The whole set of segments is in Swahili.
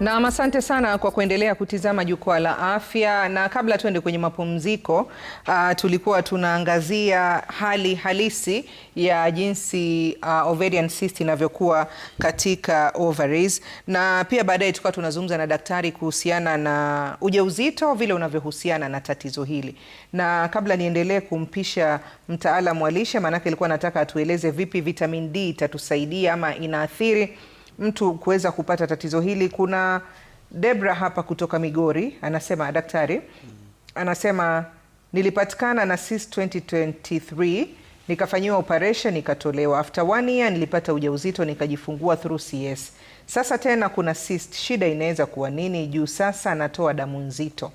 Nam, asante sana kwa kuendelea kutizama Jukwaa la Afya, na kabla tuende kwenye mapumziko uh, tulikuwa tunaangazia hali halisi ya jinsi uh, ovarian cyst inavyokuwa katika ovaries, na pia baadaye tulikuwa tunazungumza na daktari kuhusiana na ujauzito vile unavyohusiana na tatizo hili. Na kabla niendelee kumpisha mtaalamu wa lishe, maanake ilikuwa nataka atueleze vipi vitamin D itatusaidia ama inaathiri mtu kuweza kupata tatizo hili. Kuna Debra hapa kutoka Migori anasema, daktari anasema nilipatikana na cyst 2023 nikafanyiwa operation nikatolewa. After one year nilipata ujauzito nikajifungua through CS. Sasa tena kuna cyst, shida inaweza kuwa nini? Juu sasa natoa damu nzito,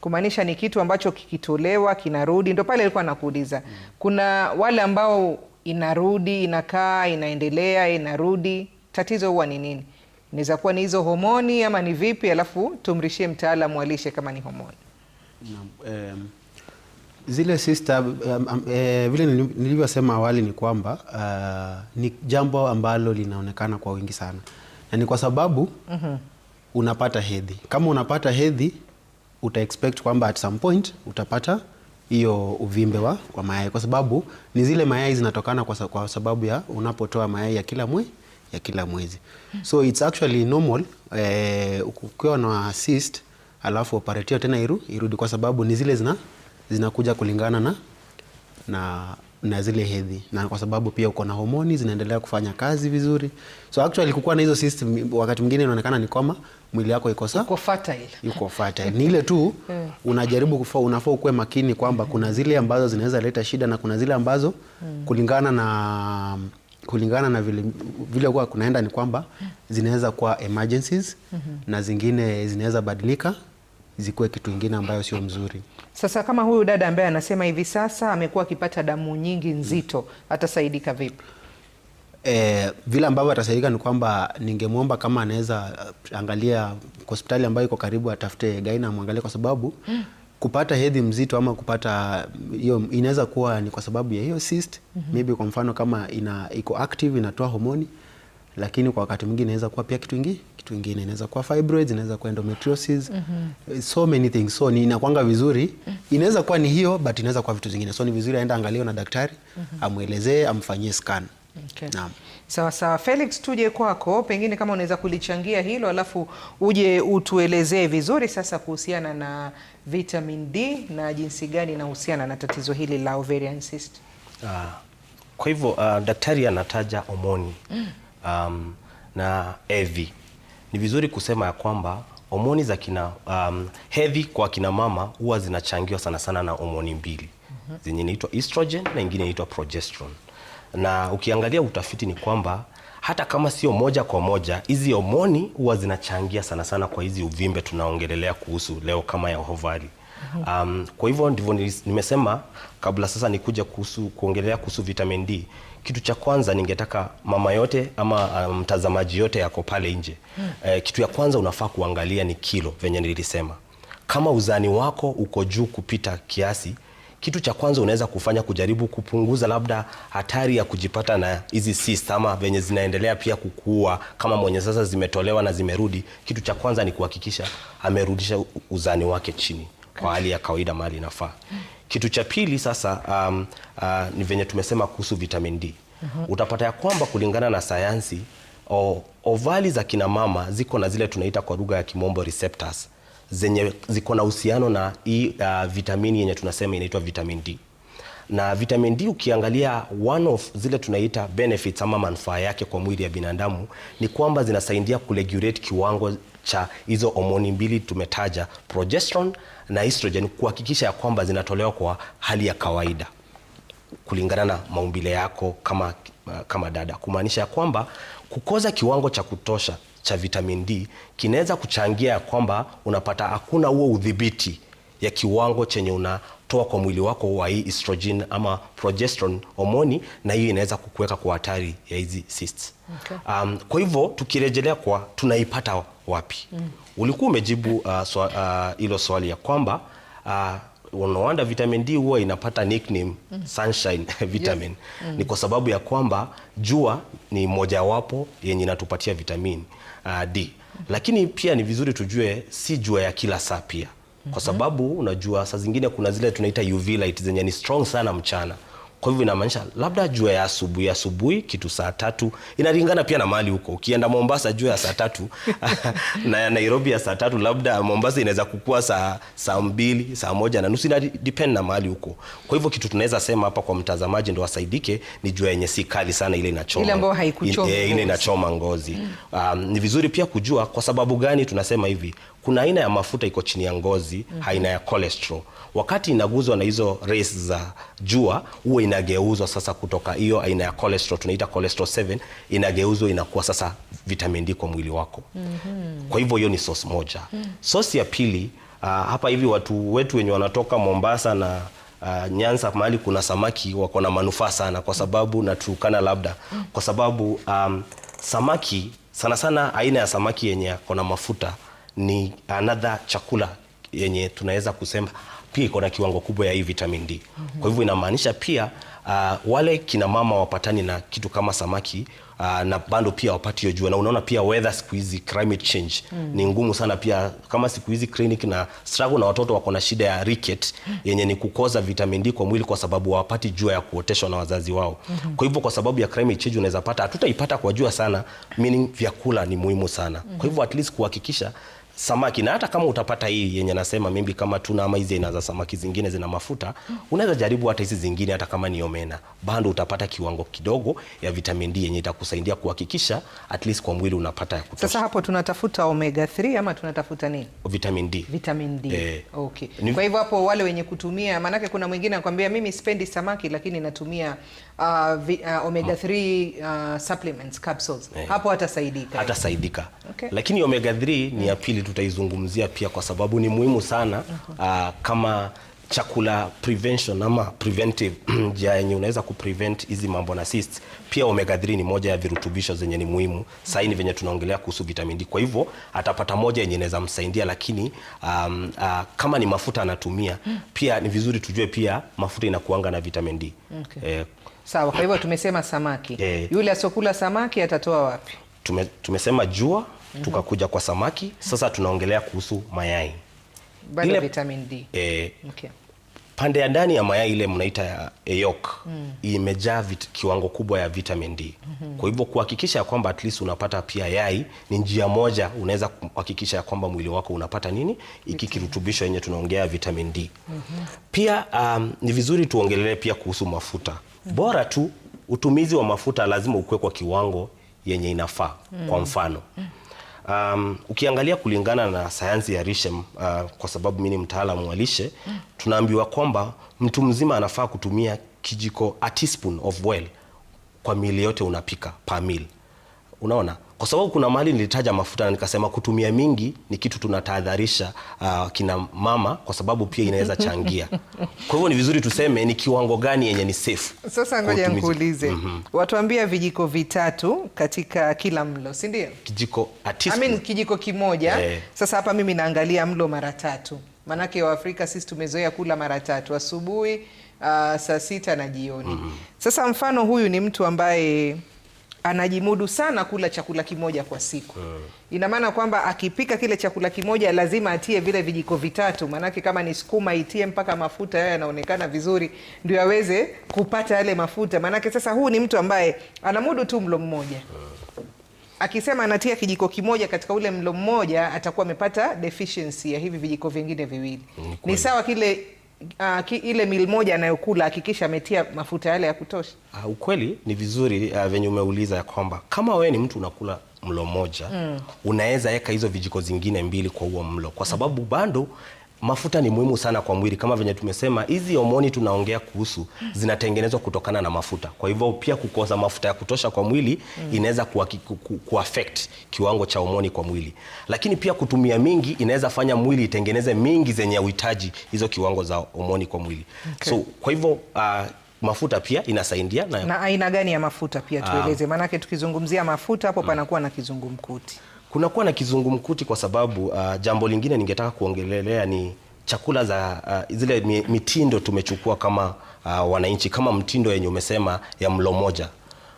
kumaanisha ni kitu ambacho kikitolewa kinarudi. Ndo pale alikuwa nakuuliza, mm. kuna wale ambao inarudi, inakaa, inaendelea, inarudi tatizo huwa ni nini? Inaweza kuwa ni hizo homoni ama ni vipi? Alafu tumrishie mtaalamu alishe kama ni homoni. Um, zile sista um, um, e, eh, vile nilivyosema awali ni kwamba uh, ni jambo ambalo linaonekana kwa wingi sana na ni kwa sababu mm -hmm. unapata hedhi. Kama unapata hedhi uta expect kwamba at some point utapata hiyo uvimbe wa, wa mayai kwa sababu ni zile mayai zinatokana kwa sababu ya unapotoa mayai ya kila mwezi ya kila mwezi. So it's actually normal eh, ukiwa na assist alafu operatio tena iru, irudi kwa sababu ni zile zina zinakuja kulingana na, na na zile hedhi na kwa sababu pia uko na homoni zinaendelea kufanya kazi vizuri. So actually kukuwa na hizo system wakati mwingine inaonekana ni kama mwili wako iko sawa, uko fertile, uko fertile. Ni ile tu eh. unajaribu kufa, unafaa ukuwe makini kwamba kuna zile ambazo zinaweza leta shida na kuna zile ambazo hmm. kulingana na kulingana na vile, vile huwa kunaenda ni kwamba zinaweza kuwa emergencies mm -hmm. na zingine zinaweza badilika zikuwe kitu ingine ambayo sio mzuri. Sasa kama huyu dada ambaye anasema hivi sasa amekuwa akipata damu nyingi nzito mm. atasaidika vipi? E, vile ambavyo atasaidika ni kwamba ningemwomba kama anaweza eh, angalia hospitali ambayo iko karibu, atafute gaina amwangalie, kwa sababu mm kupata hedhi mzito ama kupata hiyo inaweza kuwa ni kwa sababu ya hiyo cyst mm -hmm. Maybe kwa mfano kama ina iko active inatoa homoni, lakini kwa wakati mwingine inaweza kuwa pia kitu kingine kitu kingine, inaweza kuwa fibroids, inaweza kuwa endometriosis mm -hmm. so many things, so ni inakwanga vizuri, mhm. inaweza kuwa ni hiyo but inaweza kuwa vitu zingine, so ni vizuri aenda angalie na daktari mm -hmm. amuelezee amfanyie scan. Okay. Naam. Sawa sawa, Felix, tuje kwako, pengine kama unaweza kulichangia hilo alafu uje utuelezee vizuri sasa kuhusiana na vitamin D na jinsi gani inahusiana na tatizo hili la ovarian cyst? Uh, kwa hivyo uh, daktari anataja homoni mm. um, na hedhi. Ni vizuri kusema ya kwamba homoni za kina um, hedhi kwa kina mama huwa zinachangiwa sana sana na homoni mbili mm -hmm. zenye inaitwa estrogen na ingine inaitwa progesterone, na ukiangalia utafiti ni kwamba hata kama sio moja kwa moja, hizi homoni huwa zinachangia sana sana kwa hizi uvimbe tunaongelelea kuhusu leo kama ya ovari. Um, kwa hivyo ndivyo nimesema kabla sasa nikuja kuhusu kuongelea kuhusu vitamin D. Kitu cha kwanza ningetaka mama yote ama um, mtazamaji um, yote yako pale nje hmm. E, kitu ya kwanza unafaa kuangalia ni kilo venye nilisema, kama uzani wako uko juu kupita kiasi kitu cha kwanza unaweza kufanya kujaribu kupunguza labda hatari ya kujipata na hizi cysts ama venye zinaendelea pia kukua kama mwenye sasa zimetolewa na zimerudi, kitu cha kwanza ni kuhakikisha amerudisha uzani wake chini kwa hali ya kawaida mahali inafaa. Kitu cha pili sasa, um, uh, ni venye tumesema kuhusu vitamin D. Uhum. Utapata ya kwamba kulingana na sayansi ovali za kina mama ziko na zile tunaita kwa lugha ya kimombo receptors zenye ziko na uhusiano na hii uh, vitamini yenye tunasema inaitwa vitamin D na vitamin D ukiangalia one of zile tunaita benefits ama manufaa yake kwa mwili ya binadamu ni kwamba zinasaidia kuregulate kiwango cha hizo homoni mbili tumetaja, progesterone na estrogen, kuhakikisha ya kwamba zinatolewa kwa hali ya kawaida kulingana na maumbile yako kama, uh, kama dada, kumaanisha ya kwamba kukoza kiwango cha kutosha cha vitamin D kinaweza kuchangia ya kwamba unapata hakuna huo udhibiti ya kiwango chenye unatoa kwa mwili wako wa hii estrogen ama progesterone homoni, na hiyo inaweza kukuweka kwa hatari ya hizi cysts. Okay. Um, kwa hivyo tukirejelea kwa tunaipata wapi? Mm. Ulikuwa umejibu hilo uh, swa, uh, swali ya kwamba uh, no vitamin D huwa inapata nickname mm. sunshine vitamin yes. mm. ni kwa sababu ya kwamba jua ni mojawapo yenye inatupatia vitamin uh, D mm. lakini pia ni vizuri tujue si jua ya kila saa pia kwa mm-hmm. sababu unajua saa zingine kuna zile tunaita UV light zenye ni strong sana mchana kwa hivyo inamaanisha labda jua ya asubuhi asubuhi kitu saa tatu, inalingana pia na mahali huko. Ukienda Mombasa jua ya saa tatu na Nairobi ya saa tatu, labda Mombasa inaweza kukua saa saa mbili saa moja na nusu, ina na mahali huko. Kwa hivyo kitu tunaweza sema hapa kwa mtazamaji ndo asaidike ni jua yenye si kali sana, ile inachoma ile ambayo ile inachoma ngozi. Mm. Um, ni vizuri pia kujua kwa sababu gani tunasema hivi kuna aina ya mafuta iko chini ya ngozi mm -hmm. aina ya cholesterol wakati inaguzwa na hizo rays za jua huwa inageuzwa sasa kutoka hiyo aina ya cholesterol tunaita cholesterol 7 inageuzwa inakuwa sasa vitamin D kwa mwili wako mm -hmm. kwa hivyo hiyo ni source moja mm -hmm. source ya pili uh, hapa hivi watu wetu wenye wanatoka Mombasa na Uh, Nyanza mahali kuna samaki wako na manufaa sana kwa sababu na tukana labda mhm. kwa sababu um, samaki sana sana aina ya samaki yenye ako na mafuta ni another chakula yenye tunaweza kusema pia iko na kiwango kubwa ya hii vitamin D. Mm -hmm. Kwa hivyo inamaanisha pia uh, wale kina mama wapatani na kitu kama samaki uh, na bado pia wapati hiyo jua, na unaona pia weather siku hizi climate change mm. hmm ni ngumu sana pia, kama siku hizi clinic na struggle na watoto wako na shida ya ricket yenye ni kukoza vitamin D kwa mwili kwa sababu hawapati jua ya kuoteshwa na wazazi wao mm -hmm. Kwa hivyo kwa sababu ya climate change unaweza pata, hatutaipata kwa jua sana, meaning vyakula ni muhimu sana mm -hmm. Kwa hivyo at least kuhakikisha samaki na hata kama utapata hii yenye nasema mimi kama tuna ama hizi inaza za samaki zingine zina mafuta, unaweza jaribu hata hizi zingine, hata kama ni omena, bado utapata kiwango kidogo ya vitamin D yenye itakusaidia kuhakikisha at least kwa mwili unapata ya kutosha. Sasa hapo tunatafuta omega 3 ama tunatafuta nini? Vitamin D. Vitamin D. Eh, okay. Ni... Kwa hivyo hapo wale wenye kutumia, maanake kuna mwingine anakuambia mimi sipendi samaki lakini natumia uh, vi, uh, omega 3 ah. uh, supplements capsules. Eh. Hapo atasaidika. Atasaidika. Okay. Lakini omega 3 ni ya pili tutaizungumzia pia kwa sababu ni muhimu sana uh, kama chakula prevention ama preventive njia yenye unaweza kuprevent hizi mambo na cysts. Pia omega 3 ni moja ya virutubisho zenye ni muhimu sasa hivi venye tunaongelea kuhusu vitamin D. Kwa hivyo atapata moja yenye inaweza msaidia, lakini um, uh, kama ni mafuta anatumia hmm. pia ni vizuri tujue pia mafuta inakuanga na vitamin D okay. Eh, sawa. Kwa hivyo tumesema samaki eh, yule asiokula samaki atatoa wapi? Tume, tumesema jua Mhm. Tukakuja kwa samaki sasa, tunaongelea kuhusu mayai ile, vitamin D. E, okay. Pande ya ndani ya mayai ile mnaita yolk mm. imejaa kiwango kubwa ya vitamin D mm -hmm. Kwa hivyo kuhakikisha ya kwamba at least unapata pia yai ni njia moja unaweza kuhakikisha ya kwamba mwili wako unapata nini iki kirutubisho yenye tunaongea vitamin D mm -hmm. Pia um, ni vizuri tuongelee pia kuhusu mafuta mm -hmm. Bora tu utumizi wa mafuta lazima ukuwe kwa kiwango yenye inafaa mm -hmm. Kwa mfano mm -hmm. Um, ukiangalia kulingana na sayansi ya lishe uh, kwa sababu mimi ni mtaalamu wa lishe mm. Tunaambiwa kwamba mtu mzima anafaa kutumia kijiko a teaspoon of well kwa mili yote unapika per meal. Unaona, kwa sababu kuna mahali nilitaja mafuta na nikasema kutumia mingi ni kitu tunatahadharisha uh, kina mama kwa sababu pia inaweza changia. Kwa hivyo ni vizuri tuseme ni kiwango gani yenye ni safe. Sasa ngoja nikuulize, mm -hmm. Watuambia vijiko vitatu katika kila mlo, si ndio? Kijiko at I mean, kijiko kimoja yeah. Sasa hapa mimi naangalia mlo mara tatu, maanake Waafrika sisi tumezoea kula mara tatu, asubuhi, uh, saa sita na jioni mm -hmm. Sasa mfano huyu ni mtu ambaye anajimudu sana kula chakula kimoja kwa siku. Eh. Ina maana kwamba akipika kile chakula kimoja lazima atie vile vijiko vitatu, maanake kama ni sukuma itie mpaka mafuta yayo yanaonekana vizuri, ndio aweze kupata yale mafuta. Maanake sasa huu ni mtu ambaye anamudu tu mlo mmoja. Eh. Akisema anatia kijiko kimoja katika ule mlo mmoja, atakuwa amepata deficiency ya hivi vijiko vingine viwili. Mm, ni sawa kile Uh, ki, ile mili moja anayokula hakikisha ametia mafuta yale ya kutosha. Uh, ukweli ni vizuri uh, venye umeuliza ya kwamba kama wewe ni mtu unakula mlo mmoja mm. unaweza weka hizo vijiko zingine mbili kwa huo mlo kwa sababu bando mafuta ni muhimu sana kwa mwili kama venye tumesema, hizi homoni tunaongea kuhusu zinatengenezwa kutokana na mafuta. Kwa hivyo pia kukosa mafuta ya kutosha kwa mwili inaweza affect kiwango cha homoni kwa mwili, lakini pia kutumia mingi inaweza fanya mwili itengeneze mingi zenye uhitaji hizo kiwango za homoni kwa mwili okay. So kwa hivyo uh, mafuta pia inasaidia na... na aina gani ya mafuta pia tueleze, ah. maanake tukizungumzia mafuta hapo mm. panakuwa na kizungumkuti kunakuwa na kizungumkuti kwa sababu uh, jambo lingine ningetaka kuongelelea ni chakula za uh, zile mitindo tumechukua kama uh, wananchi kama mtindo yenye umesema ya mlo moja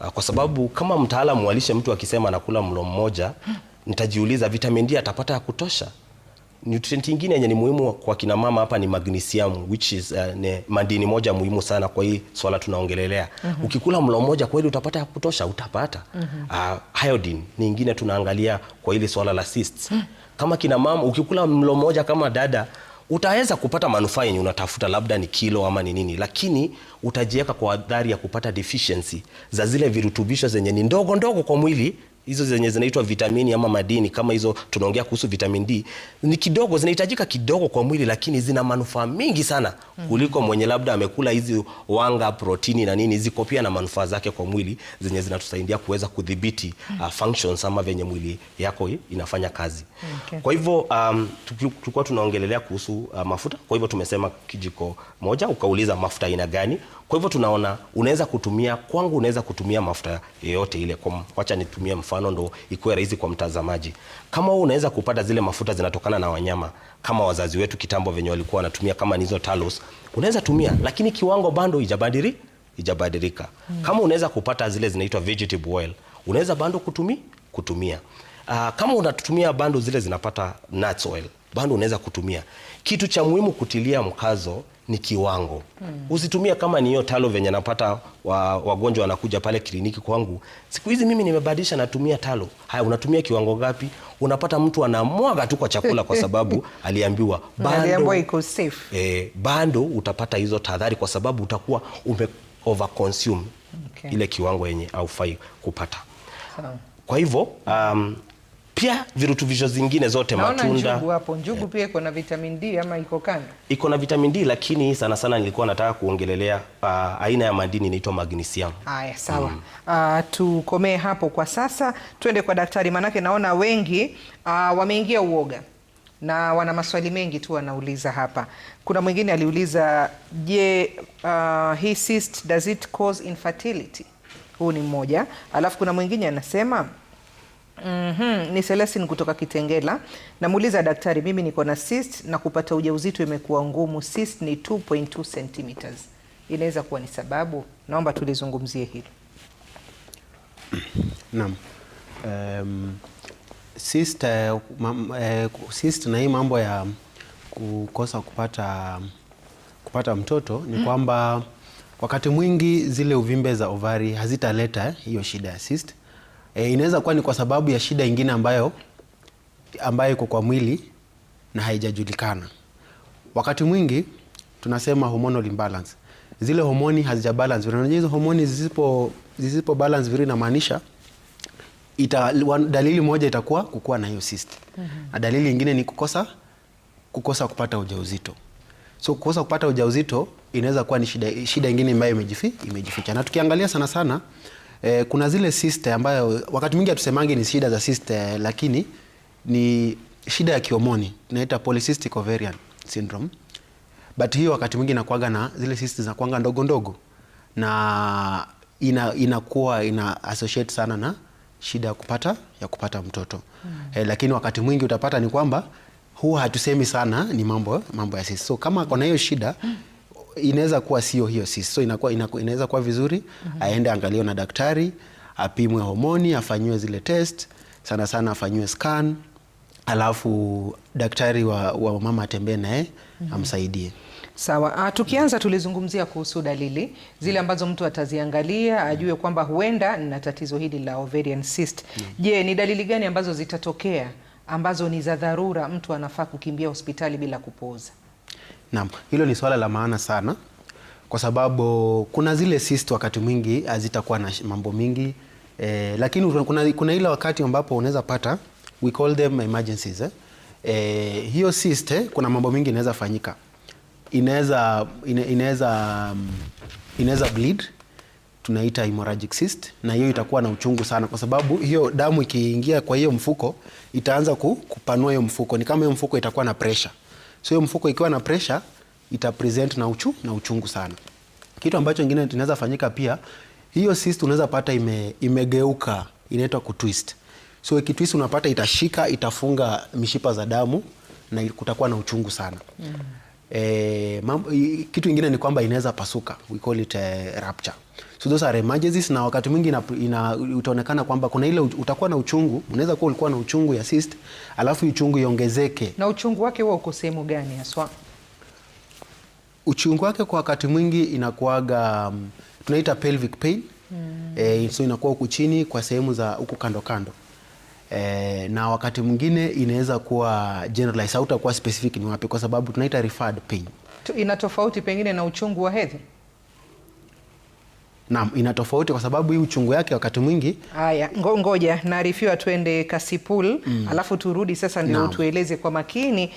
uh, kwa sababu kama mtaalamu walishe mtu akisema anakula mlo mmoja nitajiuliza vitamin D atapata ya kutosha Nutrient ingine yenye ni muhimu kwa kina mama hapa ni magnesium which is uh, ne, madini moja muhimu sana kwa hii swala tunaongelelea. mm -hmm. Ukikula mlo mmoja kweli utapata ya kutosha, utapata. mm -hmm. Uh, iodine ni ingine tunaangalia kwa hili swala la cysts. mm -hmm. Kama kina mama ukikula mlo mmoja kama dada utaweza kupata manufaa yenye unatafuta, labda ni kilo ama ni nini, lakini utajiweka kwa adhari ya kupata deficiency za zile virutubisho zenye ni ndogo ndogo kwa mwili hizo zenye zinaitwa vitamini ama madini kama hizo tunaongea kuhusu vitamin D ni kidogo, zinahitajika kidogo kwa mwili, lakini zina manufaa mingi sana kuliko mwenye labda amekula hizi wanga, protini na nini. Ziko pia na manufaa zake kwa mwili zenye zinatusaidia kuweza kudhibiti uh, functions ama venye mwili yako inafanya kazi. Okay. Kwa hivyo um, tulikuwa tunaongelelea kuhusu uh, mafuta. Kwa hivyo tumesema kijiko moja, ukauliza mafuta aina gani? Kwa hivyo tunaona unaweza kutumia, kwangu unaweza kutumia mafuta yoyote ile, kwa wacha nitumie mfano mfano ndo ikuwe rahisi kwa mtazamaji. Kama wewe unaweza kupata zile mafuta zinatokana na wanyama kama wazazi wetu kitambo venye walikuwa wanatumia kama nizo talos, unaweza tumia, lakini kiwango bando ijabadiri ijabadilika. Hmm. Kama unaweza kupata zile zinaitwa vegetable oil, unaweza bando kutumi kutumia. Uh, kama unatumia bando zile zinapata nuts oil bado unaweza kutumia. Kitu cha muhimu kutilia mkazo ni kiwango hmm. Usitumia kama ni hiyo talo venye napata wa, wagonjwa wanakuja pale kliniki kwangu. Siku hizi mimi nimebadilisha, natumia talo. Haya, unatumia kiwango gapi? Unapata mtu anamwaga tu kwa chakula kwa sababu aliambiwa bando, iko safe eh, bando utapata hizo tahadhari kwa sababu utakuwa ume over consume okay. Ile kiwango yenye haufai kupata so. Kwa hivyo um, pia virutubisho zingine zote Naona matunda. Njugu hapo, njugu yeah. Pia iko na vitamin D ama iko kando? Iko na vitamin D lakini sana sana nilikuwa nataka kuongelelea uh, aina ya madini inaitwa magnesium. Haya, sawa. Mm. Uh, tukomee hapo kwa sasa, twende kwa daktari, manake naona wengi uh, wameingia uoga na wana maswali mengi tu wanauliza hapa. Kuna mwingine aliuliza je, uh, hii cyst does it cause infertility? Huu ni mmoja, alafu kuna mwingine anasema Mm -hmm. Ni Celestine kutoka Kitengela. Namuuliza daktari, mimi niko na cyst na kupata ujauzito imekuwa ngumu. Cyst ni 2.2 cm. Inaweza kuwa ni sababu? Naomba tulizungumzie hilo. Naam. Um, cyst, uh, uh, cyst na hii mambo ya kukosa kupata kupata mtoto ni mm. kwamba wakati mwingi zile uvimbe za ovari hazitaleta hiyo shida ya cyst E, inaweza kuwa ni kwa sababu ya shida ingine ambayo ambayo iko kwa mwili na haijajulikana. Wakati mwingi tunasema hormonal imbalance, zile homoni hazijabalance balance vizuri. Unajua hizo homoni zisipo zisipo balance vizuri, inamaanisha ita dalili moja itakuwa kukua na hiyo cyst mm -hmm. na dalili nyingine ni kukosa kukosa kupata ujauzito. So kukosa kupata ujauzito inaweza kuwa ni shida shida nyingine ambayo imejificha imejificha, na tukiangalia sana sana eh, kuna zile cyste ambayo wakati mwingi hatusemangi ni shida za cyste, eh, lakini ni shida ya kiomoni tunaita polycystic ovarian syndrome, but hiyo wakati mwingi inakuaga na zile cyste zinakuanga ndogo ndogo na ina, inakuwa ina associate sana na shida ya kupata ya kupata mtoto mm. Eh, lakini wakati mwingi utapata ni kwamba huwa hatusemi sana ni mambo mambo ya sisi. So kama kuna hiyo shida mm inaweza kuwa sio hiyo sisi, so inakuwa inaweza kuwa vizuri mm -hmm. aende angaliwe na daktari, apimwe homoni, afanyiwe zile test, sana sana afanyiwe scan, alafu daktari wa, wa mama atembee naye mm -hmm. amsaidie. Sawa. Ah, tukianza tulizungumzia kuhusu dalili zile ambazo mtu ataziangalia mhm. ajue kwamba huenda na tatizo hili la ovarian cyst. Mhm. Je, ni dalili gani ambazo zitatokea ambazo ni za dharura mtu anafaa kukimbia hospitali bila kupooza? Naam, hilo ni swala la maana sana kwa sababu kuna zile cyst wakati mwingi hazitakuwa na mambo mingi eh, lakini kuna, kuna ile wakati ambapo unaweza pata we call them emergencies eh. Eh, hiyo cyst eh, kuna mambo mingi inaweza fanyika, inaweza inaweza inaweza bleed tunaita hemorrhagic cyst, na hiyo itakuwa na uchungu sana, kwa sababu hiyo damu ikiingia kwa hiyo mfuko itaanza kupanua hiyo mfuko, ni kama hiyo mfuko itakuwa na pressure So hiyo mfuko ikiwa na pressure ita present na uchu, na uchungu sana. Kitu ambacho kingine tunaweza fanyika pia, hiyo cyst unaweza pata ime, imegeuka inaitwa kutwist. So ikitwist unapata itashika, itafunga mishipa za damu na kutakuwa na uchungu sana. Mm eh, kitu ingine ni kwamba inaweza pasuka, we call it eh, rupture. So those are emergencies, na wakati mwingi ina, ina, utaonekana kwamba kuna ile utakuwa na uchungu, unaweza kuwa ulikuwa na uchungu ya cyst, alafu uchungu iongezeke. Na uchungu wake huwa uko sehemu gani haswa? Uchungu wake kwa wakati mwingi inakuaga um, mm, tunaita pelvic pain mm. E, so inakuwa huku chini kwa sehemu za huku kando kando eh, na wakati mwingine inaweza kuwa generalized, hautakuwa specific ni wapi, kwa sababu tunaita referred pain. Ina tofauti pengine na uchungu wa hedhi? Naam, ina tofauti kwa sababu hii uchungu yake wakati mwingi. Haya, ngoja naarifiwa, twende Kasipul mm. Alafu turudi sasa ndio utueleze kwa makini